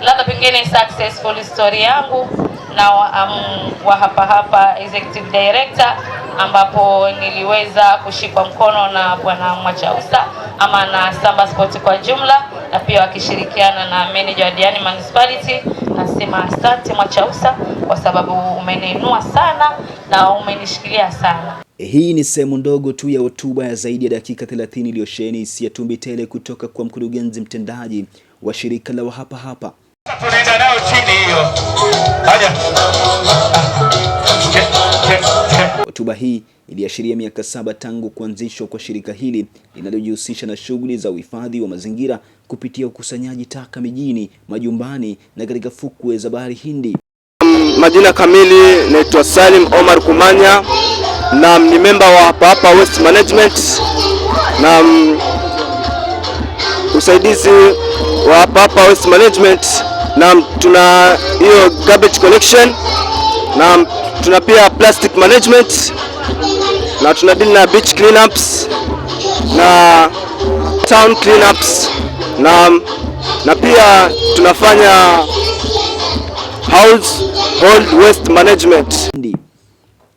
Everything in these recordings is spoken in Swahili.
labda pengine successful story yangu na wa, um, wa hapa hapa executive director ambapo niliweza kushikwa mkono na Bwana Mwachausa ama na Samba Sport kwa jumla, na pia wakishirikiana na manager wa Diani Municipality. Nasema asante Mwachausa kwa sababu umeniinua sana na umenishikilia sana. Hii ni sehemu ndogo tu ya hotuba ya zaidi ya dakika 30 iliyosheheni hisia tumbi tele kutoka kwa mkurugenzi mtendaji wa shirika la Wahapahapa tunaenda nayo chini hiyo. Haya, hotuba hii iliashiria miaka saba tangu kuanzishwa kwa shirika hili linalojihusisha na shughuli za uhifadhi wa mazingira kupitia ukusanyaji taka mijini, majumbani na katika fukwe za bahari Hindi. Majina kamili naitwa Salim Omar Kumanya na ni memba wa hapa hapa Waste Management na mm, usaidizi wa hapa hapa Waste Management Naam, tuna hiyo garbage collection na tuna pia plastic management na tuna deal na beach cleanups na town cleanups na, na pia tunafanya household waste management.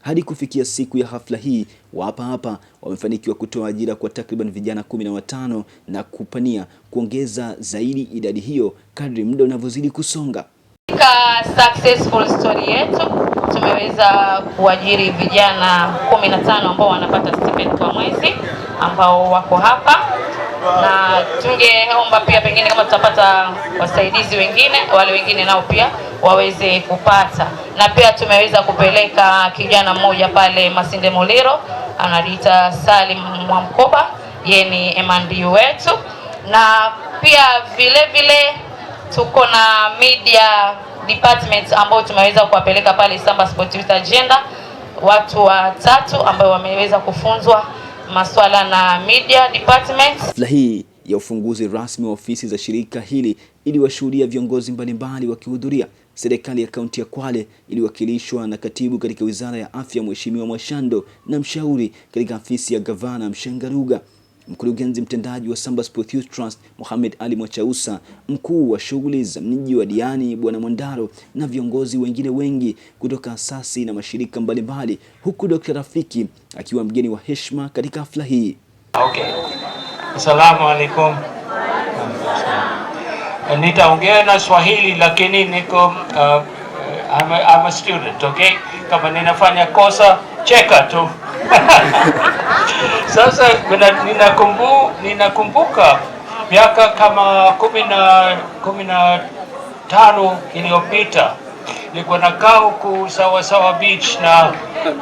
Hadi kufikia siku ya hafla hii, wapa hapa wamefanikiwa kutoa ajira kwa takriban vijana kumi na watano na kupania kuongeza zaidi idadi hiyo kadri muda unavyozidi kusonga. Katika successful story yetu tumeweza kuajiri vijana kumi na tano ambao wanapata stipend kwa mwezi ambao wako hapa na tungeomba pia pengine kama tutapata wasaidizi wengine, wale wengine nao pia waweze kupata na pia tumeweza kupeleka kijana mmoja pale Masinde Muliro, anajiita Salim Mwamkoba, yeye ni emandiu wetu, na pia vile vile tuko na media department ambao tumeweza kuwapeleka pale Samba Sport Youth Agenda, watu watatu ambao wameweza kufunzwa masuala na media department. Hafla hii ya ufunguzi rasmi wa ofisi za shirika hili iliwashuhudia viongozi mbalimbali wakihudhuria. Serikali ya kaunti ya Kwale iliwakilishwa na katibu katika wizara ya afya Mheshimiwa Mwashando na mshauri katika afisi ya gavana Mshangaruga, mkurugenzi mtendaji wa Samba Sports Youth Trust Mohamed Ali Mwachausa, mkuu wa shughuli za mji wa Diani Bwana Mwandaro na viongozi wengine wengi kutoka asasi na mashirika mbalimbali, huku Dr. Rafiki akiwa mgeni wa heshima katika hafla hii. Okay. Asalamu alaykum nitaongea na Swahili lakini niko uh, I'm a, I'm a student, okay? Kama ninafanya kosa cheka tu Sasa ninakumbu, ninakumbuka miaka kama kumi na kumi na tano iliyopita nilikuwa nakaa huku sawasawa beach na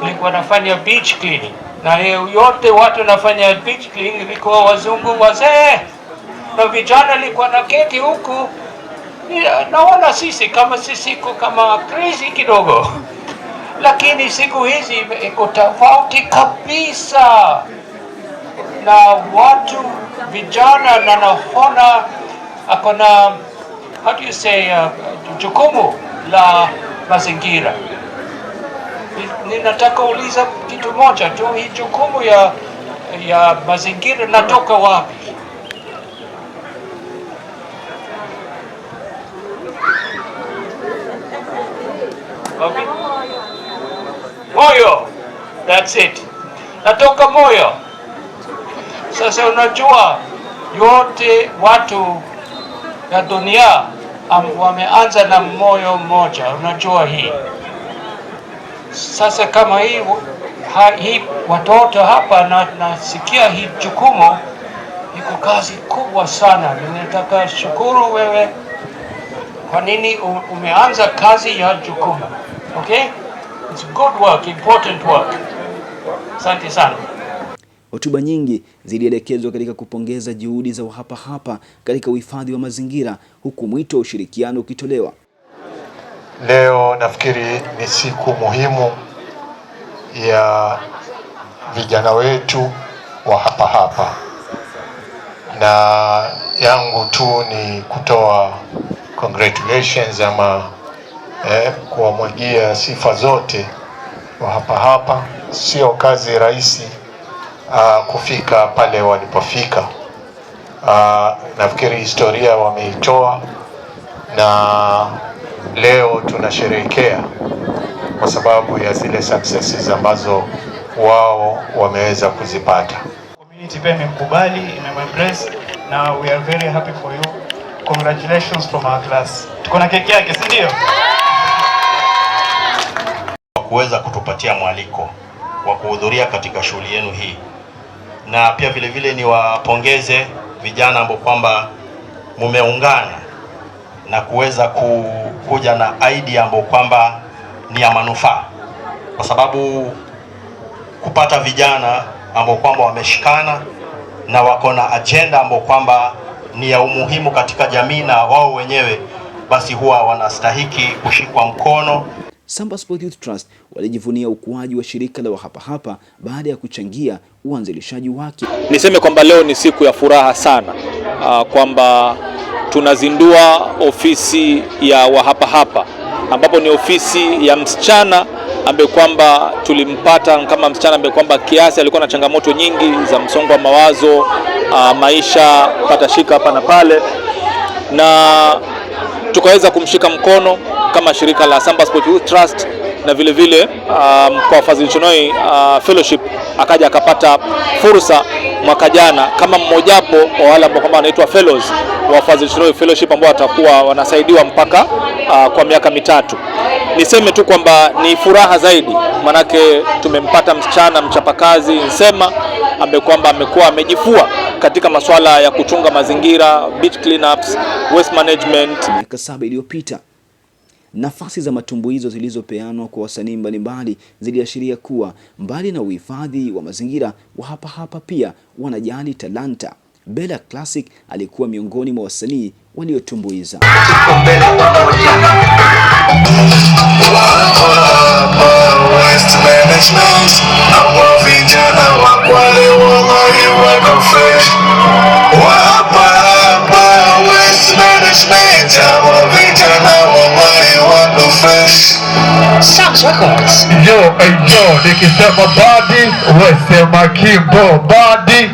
nilikuwa nafanya beach cleaning, na yote watu nafanya beach cleaning ilikuwa wazungu wazee na vijana alikuwa na keti huku, naona sisi kama sisi kama crazy kidogo lakini siku hizi iko tofauti kabisa, na watu vijana nanaona akona how do you say uh, jukumu la mazingira. Ninataka uliza kitu moja tu, hii jukumu ya, ya mazingira natoka wapi? Okay. Moyo. That's it. Natoka moyo. Sasa unajua yote watu ya dunia wameanza na moyo mmoja, unajua hii. Sasa kama hii, ha, hii watoto hapa na, nasikia hii jukumu iko kazi kubwa sana. Ninataka shukuru wewe kwa nini umeanza kazi ya jukumu. Okay? It's good work, important work. Asante sana. Hotuba nyingi zilielekezwa katika kupongeza juhudi za wahapahapa katika uhifadhi wa mazingira huku mwito wa ushirikiano ukitolewa. Leo nafikiri ni siku muhimu ya vijana wetu wa hapa hapa, na yangu tu ni kutoa congratulations ama eh, kuwamwagia sifa zote wa hapa hapa. Sio kazi rahisi uh, kufika pale walipofika. Uh, nafikiri historia wameitoa na leo tunasherehekea kwa sababu ya zile successes ambazo wao wameweza kuzipata. Community pia imekubali, imemembrace na we are very happy for you. Congratulations from our class. Tuko na keki yake, si ndio? kuweza kutupatia mwaliko wa kuhudhuria katika shughuli yenu hii, na pia vilevile niwapongeze vijana ambao kwamba mumeungana na kuweza kuja na idea ambayo kwamba ni ya manufaa, kwa sababu kupata vijana ambao kwamba wameshikana na wako na ajenda ambayo kwamba ni ya umuhimu katika jamii na wao wenyewe, basi huwa wanastahiki kushikwa mkono. Samba Sport Youth Trust walijivunia ukuaji wa shirika la Wahapahapa baada ya kuchangia uanzilishaji wake. Niseme kwamba leo ni siku ya furaha sana ah, kwamba tunazindua ofisi ya Wahapahapa ambapo ni ofisi ya msichana ambaye kwamba tulimpata kama msichana ambaye kwamba kiasi alikuwa na changamoto nyingi za msongo wa mawazo, a, ah, maisha patashika hapa na pale, na tukaweza kumshika mkono kama shirika la Samba Sport Youth Trust na vile vile um, kwa Fazil Chinoi uh, fellowship akaja akapata fursa mwaka jana kama mmojawapo wa wale ambao kama wanaitwa fellows wa Fazil Chinoi fellowship ambao watakuwa wanasaidiwa mpaka uh, kwa miaka mitatu. Niseme tu kwamba ni furaha zaidi, manake tumempata msichana mchapakazi Nsema ambaye kwamba amekuwa amejifua katika masuala ya kuchunga mazingira, beach cleanups, waste management. Miaka saba iliyopita Nafasi za matumbuizo zilizopeanwa kwa wasanii mbalimbali ziliashiria kuwa mbali na uhifadhi wa mazingira wa hapa hapa pia wanajali talanta. Bela Classic alikuwa miongoni mwa wasanii waliotumbuiza. such records. Njoo njoo, nikisema badi wesema kimbo badi.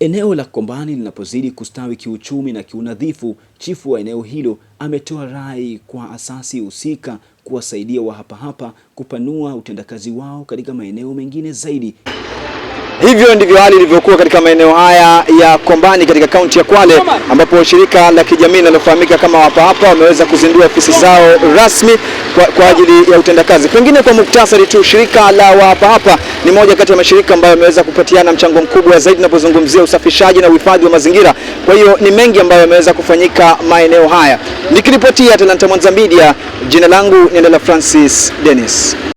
Eneo la Kombani linapozidi kustawi kiuchumi na kiunadhifu, chifu wa eneo hilo ametoa rai kwa asasi husika kuwasaidia wa hapa hapa kupanua utendakazi wao katika maeneo mengine zaidi. Hivyo ndivyo hali ilivyokuwa katika maeneo haya ya Kombani katika kaunti ya Kwale, ambapo shirika la kijamii linalofahamika kama Wapa Hapa wameweza kuzindua ofisi zao rasmi kwa, kwa ajili ya utendakazi. Pengine kwa muktasari tu, shirika la Wapa Hapa ni moja kati ya mashirika ambayo yameweza kupatiana mchango mkubwa zaidi tunapozungumzia usafishaji na uhifadhi wa mazingira. Kwa hiyo ni mengi ambayo yameweza kufanyika maeneo haya. Nikiripotia Talanta Mwanza Media, jina langu ni Francis Dennis.